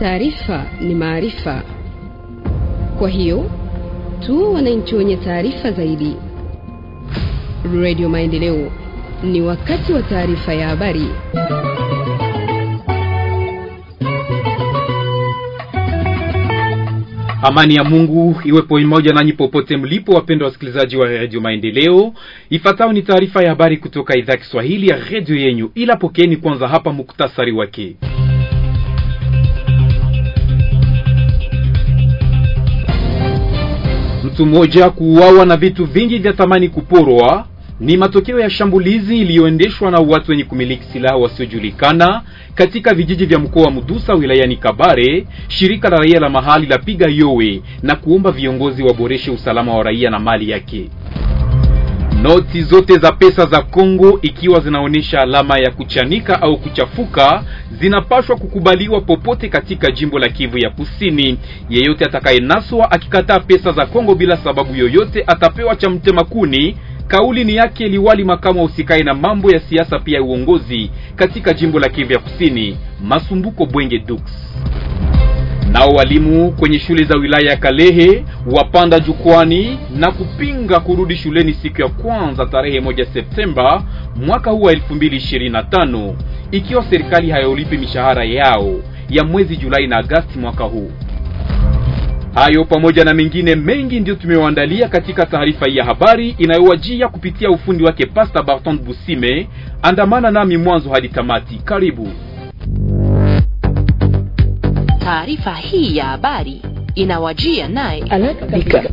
Taarifa ni maarifa, kwa hiyo tu wananchi wenye taarifa zaidi. Radio Maendeleo, ni wakati wa taarifa ya habari. Amani ya Mungu iwe pamoja nanyi popote mlipo, wapendwa wasikilizaji wa redio Maendeleo. ifatao ni taarifa ya habari kutoka idhaa Kiswahili ya redio yenyu, ila pokeni kwanza hapa muktasari wake. Mtu mmoja kuuawa na vitu vingi vya thamani kuporwa ni matokeo ya shambulizi iliyoendeshwa na watu wenye kumiliki silaha wasiojulikana katika vijiji vya mkoa wa Mudusa wilayani Kabare. Shirika la raia la mahali la piga yowe na kuomba viongozi waboreshe usalama wa raia na mali yake. Noti zote za pesa za Kongo ikiwa zinaonyesha alama ya kuchanika au kuchafuka zinapashwa kukubaliwa popote katika jimbo la Kivu ya Kusini. Yeyote atakayenaswa akikataa pesa za Kongo bila sababu yoyote atapewa cha mtema kuni. Kauli ni yake liwali makamu usikae na mambo ya siasa pia uongozi katika jimbo la Kivu ya Kusini, Masumbuko Bwenge Dux. Nao walimu kwenye shule za wilaya ya Kalehe wapanda jukwani na kupinga kurudi shuleni siku ya kwanza tarehe moja Septemba mwaka huu wa 2025 ikiwa serikali hayolipi mishahara yao ya mwezi Julai na Agasti mwaka huu. Hayo pamoja na mengine mengi ndiyo tumewaandalia katika taarifa hii ya habari inayowajia kupitia ufundi wake Pasta Barton Busime. Andamana nami mwanzo hadi tamati. Karibu. Taarifa hii ya habari inawajia naye Alaka. Bika.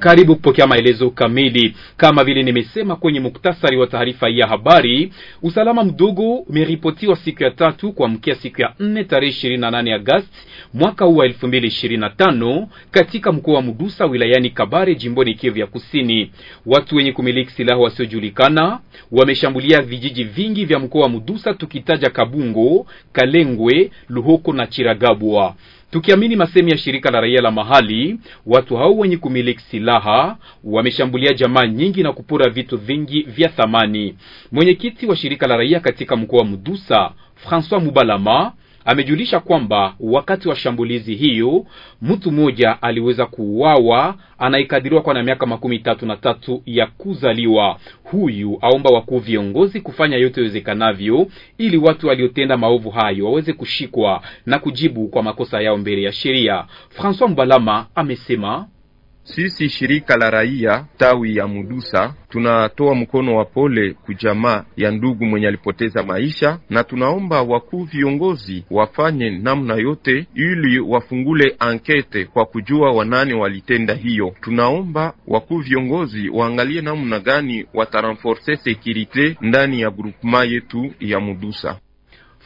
Karibu kupokea maelezo kamili. Kama vile nimesema kwenye muktasari wa taarifa ya habari, usalama mdogo umeripotiwa siku ya tatu kuamkia siku ya nne tarehe 28 Agosti mwaka huu wa 2025 katika mkoa wa Mudusa wilayani Kabare jimboni Kivu ya Kusini. Watu wenye kumiliki silaha wasiojulikana wameshambulia vijiji vingi vya mkoa wa Mudusa tukitaja Kabungo, Kalengwe, Luhoko na Chiragabwa. Tukiamini masemi ya shirika la raia la mahali, watu hao wenye kumiliki silaha wameshambulia jamaa nyingi na kupora vitu vingi vya thamani. Mwenyekiti wa shirika la raia katika mkoa wa Mudusa, François Mubalama amejulisha kwamba wakati wa shambulizi hiyo mtu mmoja aliweza kuuawa, anaikadiriwa kwa na miaka makumi tatu na tatu ya kuzaliwa. Huyu aomba wakuu viongozi kufanya yote iwezekanavyo ili watu waliotenda maovu hayo waweze kushikwa na kujibu kwa makosa yao mbele ya sheria. François Mbalama amesema sisi shirika la raia tawi ya Mudusa tunatoa mkono wa pole kujamaa ya ndugu mwenye alipoteza maisha, na tunaomba wakuu viongozi wafanye namna yote ili wafungule ankete kwa kujua wanani walitenda hiyo. Tunaomba wakuu viongozi waangalie namna gani watarenforce sekirite ndani ya grupema yetu ya Mudusa.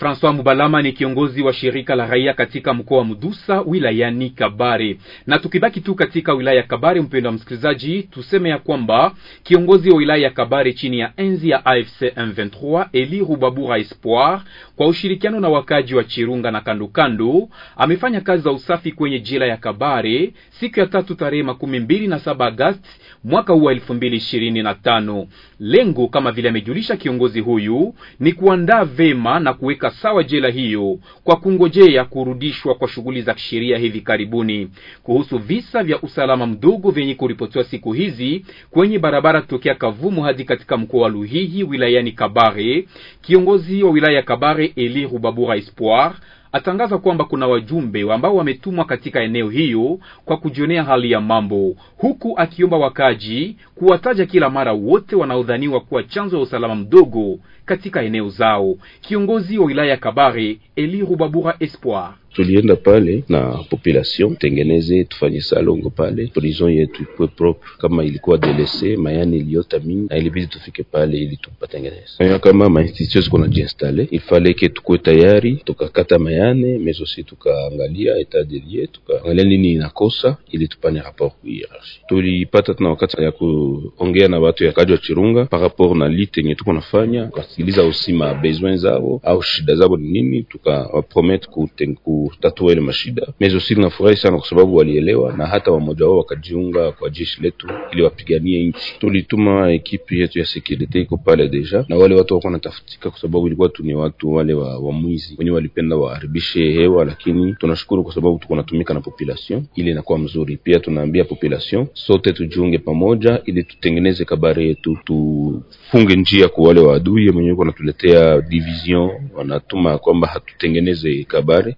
François Mubalama ni kiongozi wa shirika la raia katika mkoa wa Mudusa wilayani Kabare. Na tukibaki tu katika wilaya ya Kabare, mpendo wa msikilizaji, tuseme ya kwamba kiongozi wa wilaya ya Kabare chini ya enzi ya AFC M23 Eli Rubabura Espoir kwa ushirikiano na wakaji wa Chirunga na kandokando amefanya kazi za usafi kwenye jela ya Kabare siku ya tatu tarehe makumi mbili na saba Agosti mwaka huu wa elfu mbili ishirini na tano. Lengo kama vile amejulisha kiongozi huyu ni kuandaa vema na kuweka kuiweka sawa jela hiyo kwa kungojea kurudishwa kwa shughuli za kisheria hivi karibuni. Kuhusu visa vya usalama mdogo vyenye kuripotiwa siku hizi kwenye barabara kutokea Kavumu hadi katika mkoa wa Luhihi wilayani Kabare, kiongozi wa wilaya ya Kabare Eli Rubabura Espoir atangaza kwamba kuna wajumbe ambao wametumwa katika eneo hiyo kwa kujionea hali ya mambo, huku akiomba wakaji kuwataja kila mara wote wanaodhaniwa kuwa chanzo ya usalama mdogo katika eneo zao. Kiongozi wa wilaya ya Kabare Eli Rubabura Espoir tulienda pale na population tengeneze tufanye salongo pale prison yetu ikuwe propre, kama ilikuwa delese mayani iliota mingi na ilibidi tufike pale ili tupatengeneze. Kama mainstitution ziko na jiinstale, ifale ke tukuwe tayari tukakata mayane mezosi, tukaangalia etat de lieu, tukaangalia nini inakosa ili tupane rapport ku hierarchie. Tulipata tuna wakati ya kuongea na watu ya kaji wa Chirunga par rapport na litenye tuko nafanya kusikiliza usima besoin zao au shida zao ni nini, tukawapromete kutatua ile mashida mezosi. Nafurahi sana kwa sababu walielewa, na hata wamoja wao wakajiunga kwa jeshi letu ili wapiganie nchi. Tulituma ekipi yetu ya security iko pale deja, na wale watu wako natafutika, kwa sababu ilikuwa tu ni watu wale wa, wa mwizi wenye walipenda waharibishe hewa, lakini tunashukuru kwa sababu tuko natumika na population ili inakuwa mzuri. Pia tunaambia population sote tujiunge pamoja ili tutengeneze kabari yetu, tufunge njia kwa wale wa adui wenyewe wanatuletea division, wanatuma kwamba hatutengeneze kabare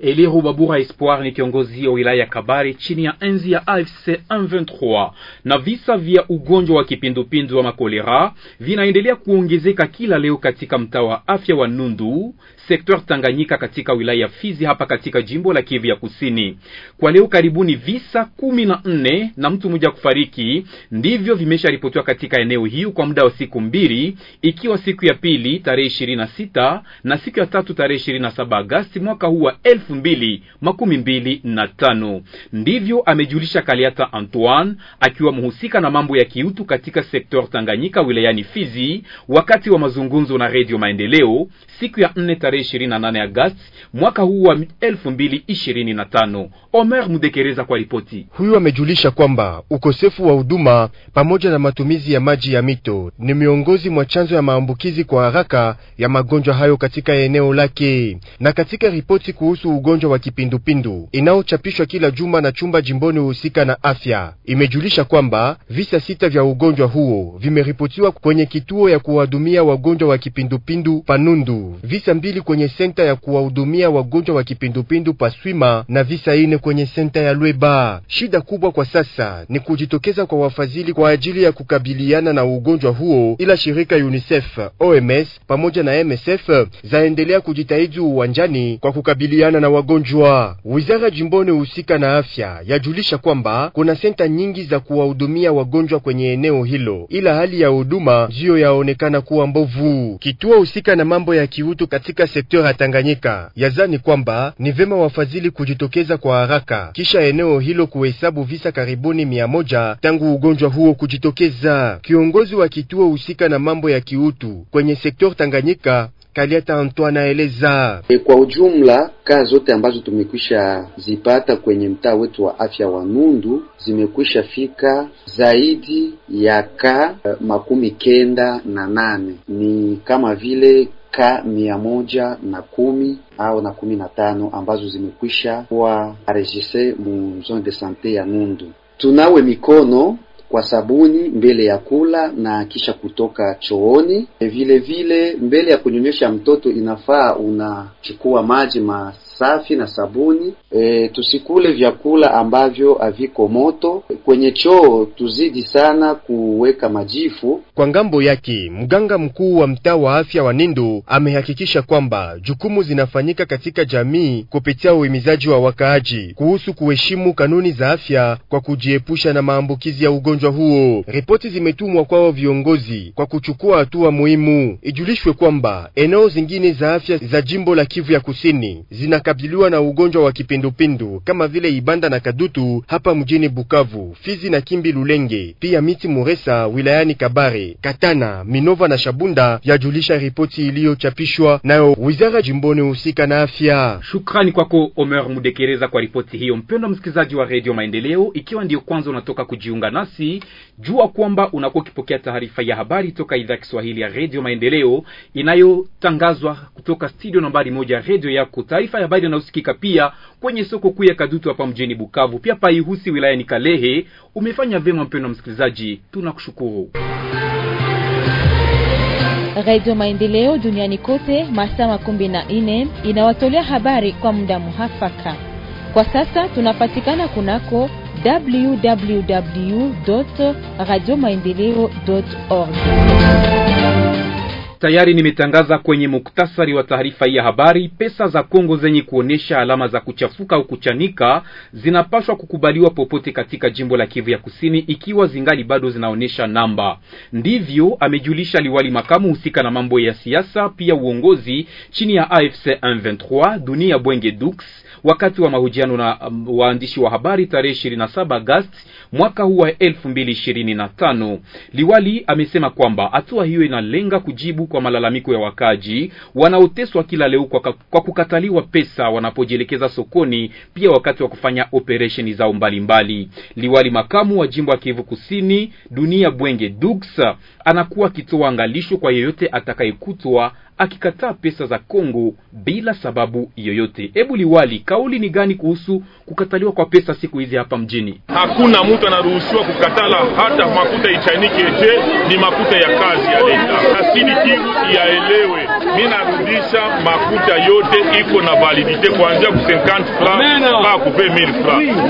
Elihu Babura Espoir ni kiongozi wa wilaya ya Kabari chini ya enzi ya AFC M23, na visa vya ugonjwa wa kipindupindu wa makolera vinaendelea kuongezeka kila leo katika mtaa wa afya wa Nundu sektor Tanganyika katika wilaya ya Fizi hapa katika jimbo la Kivu ya Kusini. Kwa leo karibuni visa 14 na na mtu mmoja kufariki ndivyo vimesharipotiwa katika eneo hiyo kwa muda wa siku mbili, ikiwa siku ya pili tarehe 26 na siku ya tatu tarehe 27 Agasti mwaka huu wa elfu elfu mbili makumi mbili na tano. Ndivyo amejulisha Kaliata Antoine akiwa mhusika na mambo ya kiutu katika sektor Tanganyika wilayani Fizi wakati wa mazungumzo na Redio Maendeleo siku ya 4 tarehe 28 Agosti mwaka huu wa 2025. Omer Mudekereza kwa ripoti. Huyu amejulisha kwamba ukosefu wa huduma pamoja na matumizi ya maji ya mito ni miongozi mwa chanzo ya maambukizi kwa haraka ya magonjwa hayo katika eneo lake. Na katika ripoti kuhusu ugonjwa wa kipindupindu inayochapishwa kila juma na chumba jimboni husika na afya imejulisha kwamba visa sita vya ugonjwa huo vimeripotiwa kwenye kituo ya kuwahudumia wagonjwa wa kipindupindu Panundu, visa mbili kwenye senta ya kuwahudumia wagonjwa wa kipindupindu Paswima na visa ine kwenye senta ya Lweba. Shida kubwa kwa sasa ni kujitokeza kwa wafadhili kwa ajili ya kukabiliana na ugonjwa huo, ila shirika UNICEF, OMS pamoja na MSF zaendelea kujitahidi uwanjani kwa kukabiliana na wagonjwa. Wizara jimboni husika na afya yajulisha kwamba kuna senta nyingi za kuwahudumia wagonjwa kwenye eneo hilo, ila hali ya huduma ndiyo yaonekana kuwa mbovu. Kituo husika na mambo ya kiutu katika sekta ya Tanganyika yazani kwamba ni vema wafadhili kujitokeza kwa haraka kisha eneo hilo kuhesabu visa karibuni mia moja tangu ugonjwa huo kujitokeza. Kiongozi wa kituo husika na mambo ya kiutu kwenye sekta Tanganyika Kaliata Antoine aeleza. E, eh, kwa ujumla kaa zote ambazo tumekwisha zipata kwenye mtaa wetu wa afya wa Nundu zimekwisha fika zaidi ya kaa uh, eh, makumi kenda na nane ni kama vile ka mia moja na kumi au na kumi na tano ambazo zimekwisha kuwa arejise mu zone de sante ya Nundu. Tunawe mikono kwa sabuni mbele ya kula na kisha kutoka chooni. Vile vile mbele ya kunyonyesha mtoto inafaa unachukua maji ma safi na sabuni. E, tusikule vyakula ambavyo haviko moto. Kwenye choo tuzidi sana kuweka majifu. Kwa ngambo yake, mganga mkuu wa mtaa wa afya wa Nindu amehakikisha kwamba jukumu zinafanyika katika jamii kupitia uhimizaji wa wakaaji kuhusu kuheshimu kanuni za afya kwa kujiepusha na maambukizi ya ugonjwa huo. Ripoti zimetumwa kwao viongozi kwa kuchukua hatua muhimu. Ijulishwe kwamba eneo zingine za afya za jimbo la Kivu ya Kusini zina anakabiliwa na ugonjwa wa kipindupindu kama vile Ibanda na Kadutu hapa mjini Bukavu, Fizi na Kimbi Lulenge, pia miti Muresa wilayani Kabare, Katana, Minova na Shabunda, yajulisha ripoti iliyochapishwa nayo wizara jimboni husika na afya. Shukrani kwako Omer Mudekereza kwa ripoti hiyo. Mpendwa msikilizaji wa Redio Maendeleo, ikiwa ndiyo kwanza unatoka kujiunga nasi, jua kwamba unakuwa ukipokea taarifa ya habari toka idhaa Kiswahili ya Redio Maendeleo inayotangazwa kutoka studio nambari moja ya redio yako. Taarifa ya habari unaosikika pia kwenye soko kuu ya Kadutu hapa mjini Bukavu, pia paihusi wilayani Kalehe. Umefanya vyema mpendwa msikilizaji, tunakushukuru. Radio Maendeleo duniani kote masaa makumi na nne inawatolea habari kwa muda muhafaka. Kwa sasa tunapatikana kunako www radio maendeleo org Tayari nimetangaza kwenye muktasari wa taarifa hii ya habari, pesa za Kongo zenye kuonyesha alama za kuchafuka au kuchanika zinapaswa kukubaliwa popote katika jimbo la Kivu ya Kusini ikiwa zingali bado zinaonyesha namba. Ndivyo amejulisha liwali makamu husika na mambo ya siasa pia uongozi chini ya AFC M23 Dunia Bwenge Dux wakati wa mahojiano na um, waandishi wa habari tarehe 27 Agosti mwaka huu wa 2025. Liwali amesema kwamba hatua hiyo inalenga kujibu kwa malalamiko ya wakaji wanaoteswa kila leo kwa, kwa kukataliwa pesa wanapojielekeza sokoni, pia wakati wa kufanya operesheni zao mbalimbali. Liwali makamu wa jimbo ya Kivu Kusini Dunia Bwenge Dux anakuwa akitoa angalisho kwa yeyote atakayekutwa akikataa pesa za Kongo bila sababu yoyote. Hebu liwali, kauli ni gani kuhusu kukataliwa kwa pesa siku hizi hapa mjini? Hakuna mtu anaruhusiwa kukatala hata makuta ichainike je, ni makuta ya kazi ya leta asini kivu yaelewe. Mimi narudisha makuta yote iko na validite kuanzia ku 50 francs mpaka ku 2000 francs,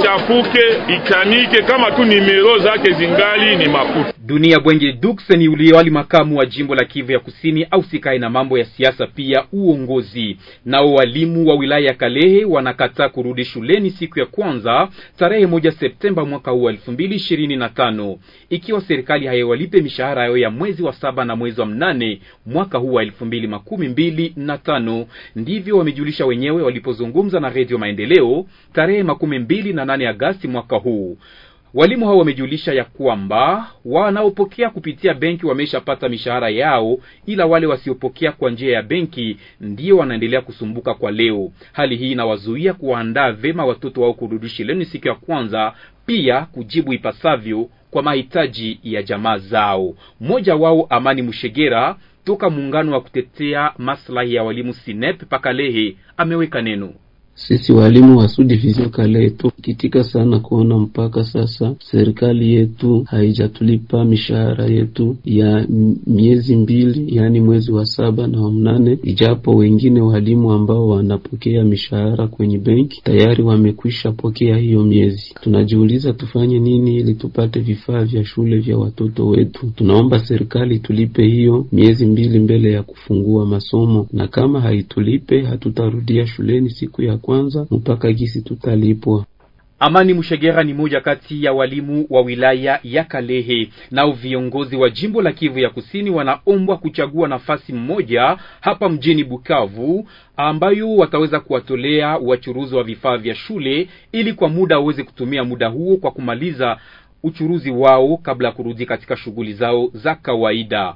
ichafuke ichanike, kama tu nimero zake zingali ni makuta Dunia Bwenge Dukse ni uliwali makamu wa jimbo la Kivu ya Kusini au sikae na mambo ya siasa pia uongozi. Nao walimu wa wilaya ya Kalehe wanakataa kurudi shuleni siku ya kwanza tarehe moja Septemba mwaka huu elfu mbili ishirini na tano ikiwa serikali haiwalipe mishahara yao ya mwezi wa saba na mwezi wa mnane mwaka huu wa elfu mbili makumi mbili na tano. Ndivyo wamejulisha wenyewe walipozungumza na Redio Maendeleo tarehe makumi mbili na nane Agasti mwaka huu. Walimu hao wamejulisha ya kwamba wanaopokea kupitia benki wameshapata mishahara yao, ila wale wasiopokea kwa njia ya benki ndio wanaendelea kusumbuka kwa leo. Hali hii inawazuia kuwaandaa vema watoto wao kurudi shuleni siku ya kwanza, pia kujibu ipasavyo kwa mahitaji ya jamaa zao. Mmoja wao Amani Mushegera toka muungano wa kutetea maslahi ya walimu Sinep Pakalehe ameweka neno sisi walimu wa Sud Division Kale tukitika sana kuona mpaka sasa serikali yetu haijatulipa mishahara yetu ya miezi mbili, yaani mwezi wa saba na wa mnane, ijapo wengine walimu ambao wanapokea mishahara kwenye benki tayari wamekwisha pokea hiyo miezi. Tunajiuliza tufanye nini ili tupate vifaa vya shule vya watoto wetu. Tunaomba serikali tulipe hiyo miezi mbili mbele ya kufungua masomo, na kama haitulipe hatutarudia shuleni siku ya kwanza mpaka gisi tutalipwa. Amani mshegera ni moja kati ya walimu wa wilaya ya Kalehe. Nao viongozi wa jimbo la Kivu ya Kusini wanaombwa kuchagua nafasi mmoja hapa mjini Bukavu ambayo wataweza kuwatolea wachuruzi wa vifaa vya shule ili kwa muda waweze kutumia muda huo kwa kumaliza uchuruzi wao kabla ya kurudi katika shughuli zao za kawaida.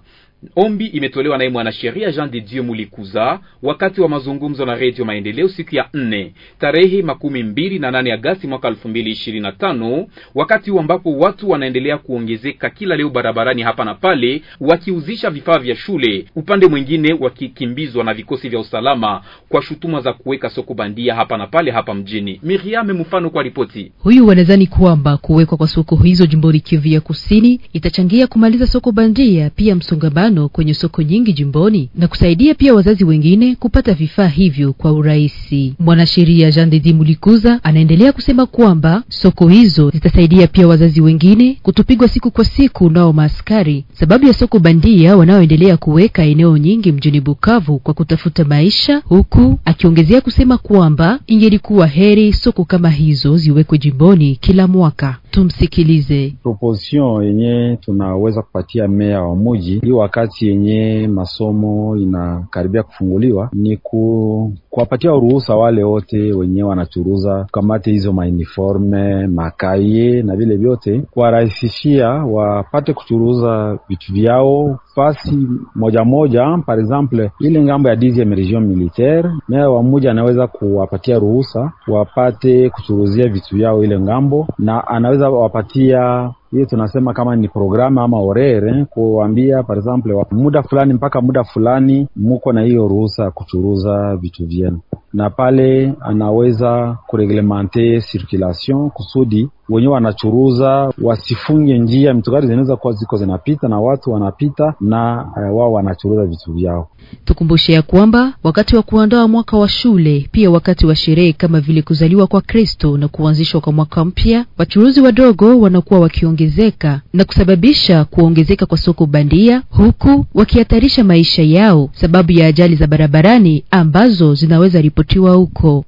Ombi imetolewa naye mwanasheria Jean de Dieu Mulikuza wakati wa mazungumzo na Redio Maendeleo siku ya nne tarehe makumi mbili na nane Agasti mwaka elfu mbili ishirini na tano wakati ambapo watu wanaendelea kuongezeka kila leo barabarani hapa na pale wakiuzisha vifaa vya shule, upande mwingine wakikimbizwa na vikosi vya usalama kwa shutuma za kuweka soko bandia hapa na pale hapa mjini. Miriam Mfano kwa ripoti huyu. Wanadhani kwamba kuwekwa kwa soko hizo jimboni Kivu ya Kusini itachangia kumaliza soko bandia, pia msongamano mfano kwenye soko nyingi jimboni na kusaidia pia wazazi wengine kupata vifaa hivyo kwa urahisi. Mwanasheria Jean Dedi Mulikuza anaendelea kusema kwamba soko hizo zitasaidia pia wazazi wengine kutupigwa siku kwa siku nao maaskari sababu ya soko bandia wanaoendelea kuweka eneo nyingi mjini Bukavu kwa kutafuta maisha, huku akiongezea kusema kwamba ingelikuwa heri soko kama hizo ziwekwe jimboni kila mwaka. Tumsikilize. proposition yenye tunaweza kupatia meya wa muji ili wakati yenye masomo inakaribia kufunguliwa ni ku, kuwapatia uruhusa wale wote wenyewe wanachuruza kamate hizo mauniforme makaye na vile vyote, kuwarahisishia wapate kuchuruza vitu vyao fasi moja moja. Par exemple ile ngambo ya dixieme region militaire, meya wa mmoja anaweza kuwapatia ruhusa wapate kuchuruzia vitu vyao ile ngambo, na anaweza wapatia hii tunasema kama ni programu ama orere eh, kuambia par example muda fulani mpaka muda fulani muko na hiyo ruhusa ya kuchuruza vitu vyenu na pale anaweza kureglemente circulation kusudi wenye wanachuruza wasifunge njia, mitugari zinaweza kuwa ziko zinapita na watu wanapita na uh, wao wanachuruza vitu vyao. Tukumbushe ya kwamba wakati wa kuandaa mwaka wa shule, pia wakati wa sherehe kama vile kuzaliwa kwa Kristo na kuanzishwa kwa mwaka mpya, wachuruzi wadogo wanakuwa wakiongezeka na kusababisha kuongezeka kwa soko bandia, huku wakihatarisha maisha yao sababu ya ajali za barabarani ambazo zinaweza ripo wameripotiwa huko.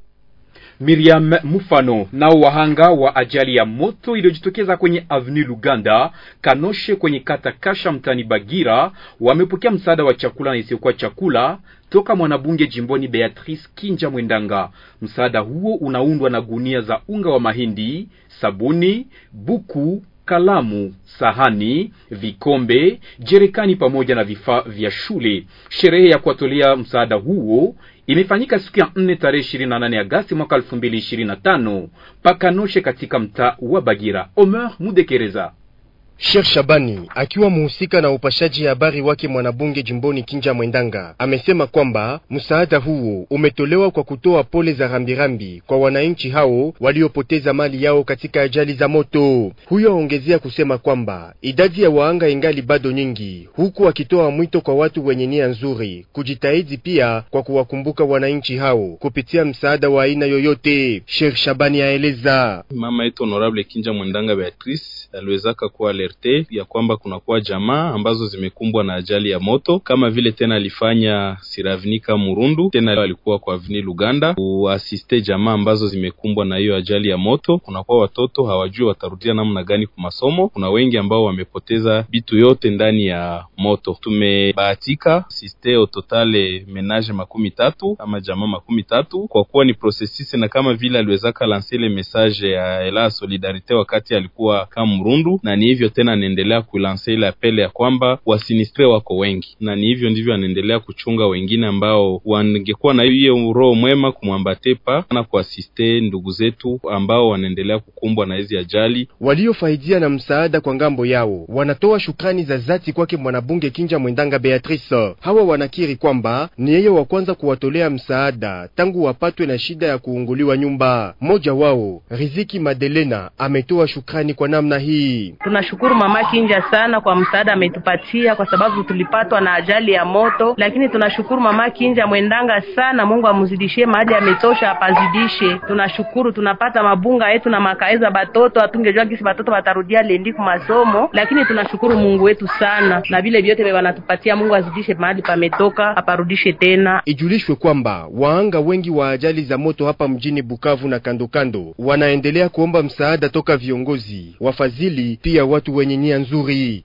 Miriam Mufano. Nao wahanga wa ajali ya moto iliyojitokeza kwenye Avenue Luganda Kanoshe, kwenye kata Kasha, mtani Bagira, wamepokea msaada wa chakula na isiyokuwa chakula toka mwanabunge jimboni Beatrice Kinja Mwendanga. Msaada huo unaundwa na gunia za unga wa mahindi, sabuni, buku kalamu, sahani, vikombe, jerekani pamoja na vifaa vya shule. Sherehe ya kuwatolea msaada huo imefanyika siku ya 4 tarehe 28 Agasti mwaka 2025 pakanoshe katika mtaa wa Bagira. Omer Mudekereza Sheikh Shabani akiwa muhusika na upashaji habari wake mwanabunge jimboni Kinja Mwendanga amesema kwamba msaada huo umetolewa kwa kutoa pole za rambirambi kwa wananchi hao waliopoteza mali yao katika ajali za moto. Huyo aongezea kusema kwamba idadi ya waanga ingali bado nyingi, huku akitoa mwito kwa watu wenye nia nzuri kujitahidi pia kwa kuwakumbuka wananchi hao kupitia msaada wa aina yoyote. Sheikh Shabani aeleza mama yetu honorable Kinja Mwendanga Beatrice aliwezaka kuwa alerte ya kwamba kunakuwa jamaa ambazo zimekumbwa na ajali ya moto, kama vile tena alifanya Siravnika Murundu, tena alikuwa kwa Avni Luganda kuasiste jamaa ambazo zimekumbwa na hiyo ajali ya moto. Kunakuwa watoto hawajui watarudia namna gani kwa masomo. Kuna wengi ambao wamepoteza vitu yote ndani ya moto. Tumebahatika sisteo totale menage makumi tatu ama jamaa makumi tatu kwa kuwa ni processus, na kama vile aliwezaka ile message ya ela solidarite wakati alikuwa kama Murundu, na ni hivyo tena anaendelea kulanse ile apele ya kwamba wasinistre wako wengi, na ni hivyo ndivyo anaendelea kuchunga wengine ambao wangekuwa na hiyo roho mwema kumwambatepa pa na kuasiste ndugu zetu ambao wanaendelea kukumbwa na hizi ajali. Waliofaidia na msaada kwa ngambo yao wanatoa shukrani za dhati kwake mwanabunge Kinja Mwendanga Beatrice. Hawa wanakiri kwamba ni yeye wa kwanza kuwatolea msaada tangu wapatwe na shida ya kuunguliwa nyumba. Mmoja wao Riziki Madelena ametoa shukrani kwa namna hii Tunashukuru tunamshukuru Mama Kinja sana kwa msaada ametupatia, kwa sababu tulipatwa na ajali ya moto, lakini tunashukuru Mama Kinja mwendanga sana. Mungu amzidishie maji, ametosha, apazidishe. Tunashukuru tunapata mabunga yetu na makaeza batoto, hatungejua kisi batoto batarudia lendi ku masomo, lakini tunashukuru Mungu wetu sana na vile vyote vile wanatupatia. Mungu azidishe mahali pametoka, aparudishe tena. Ijulishwe kwamba waanga wengi wa ajali za moto hapa mjini Bukavu na kandokando wanaendelea kuomba msaada toka viongozi, wafadhili pia watu watu wenye nia nzuri.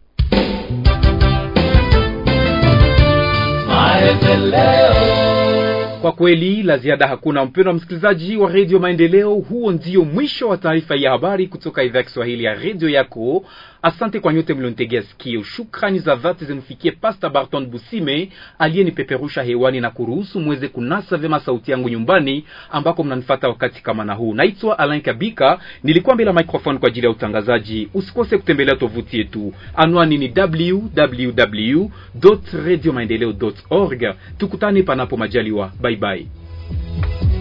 Kwa kweli la ziada hakuna. Mpendwa msikilizaji wa redio Maendeleo, huo ndio mwisho wa taarifa ya habari kutoka idhaa ya Kiswahili ya redio yako Asante kwa nyote mlionitegea sikio. Shukrani za dhati zimfikie Pastor Barton Busime aliyenipeperusha hewani na kuruhusu mweze kunasa vyema sauti yangu nyumbani ambako mnanifuata wakati kama na huu. Naitwa Alain Kabika, nilikuwa mbele microphone kwa ajili ya utangazaji. Usikose kutembelea tovuti yetu, anwani ni www.radiomaendeleo.org. Tukutane panapo majaliwa, bye bye.